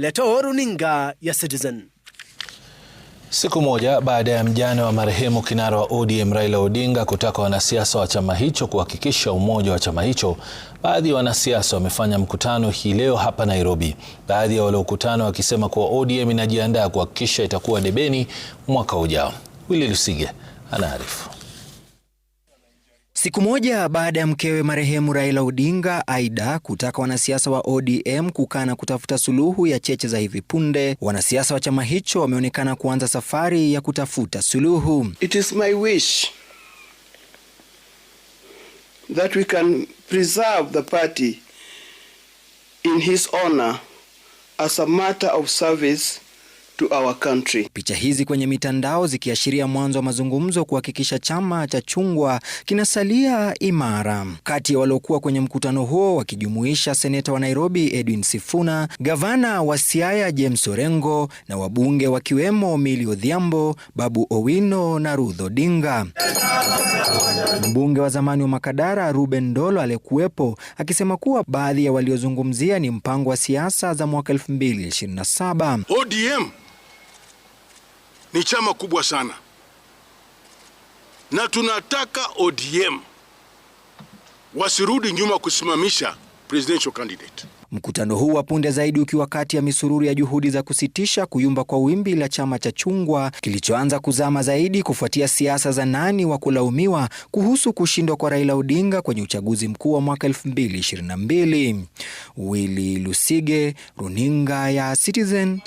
Leto, runinga ya Citizen. Siku moja baada ya mjane wa marehemu kinara wa ODM Raila Odinga kutaka wanasiasa wa chama hicho kuhakikisha umoja wa chama hicho, baadhi ya wanasiasa wamefanya mkutano hii leo hapa Nairobi, baadhi ya waliokutana wakisema kuwa ODM inajiandaa kuhakikisha itakuwa debeni mwaka ujao. Willy Lusige anaarifu. Siku moja baada ya mkewe marehemu Raila Odinga Aida kutaka wanasiasa wa ODM kukaa na kutafuta suluhu ya cheche za hivi punde, wanasiasa wa chama hicho wameonekana kuanza safari ya kutafuta suluhu. It is my wish that we can preserve the party in his honor as a matter of service to our country. Picha hizi kwenye mitandao zikiashiria mwanzo wa mazungumzo kuhakikisha chama cha chungwa kinasalia imara. Kati ya waliokuwa kwenye mkutano huo wakijumuisha seneta wa Nairobi Edwin Sifuna, gavana wa Siaya James Orengo na wabunge wakiwemo mili Odhiambo, Babu Owino na Ruth Odinga. Mbunge wa zamani wa Makadara Ruben Ndolo aliyekuwepo akisema kuwa baadhi ya waliozungumzia ni mpango wa siasa za mwaka 2027. ODM ni chama kubwa sana, na tunataka ODM wasirudi nyuma kusimamisha presidential candidate. Mkutano huu wa punde zaidi ukiwa kati ya misururu ya juhudi za kusitisha kuyumba kwa wimbi la chama cha chungwa kilichoanza kuzama zaidi kufuatia siasa za nani wa kulaumiwa kuhusu kushindwa kwa Raila Odinga kwenye uchaguzi mkuu wa mwaka 2022. Willy Lusige, Runinga ya Citizen.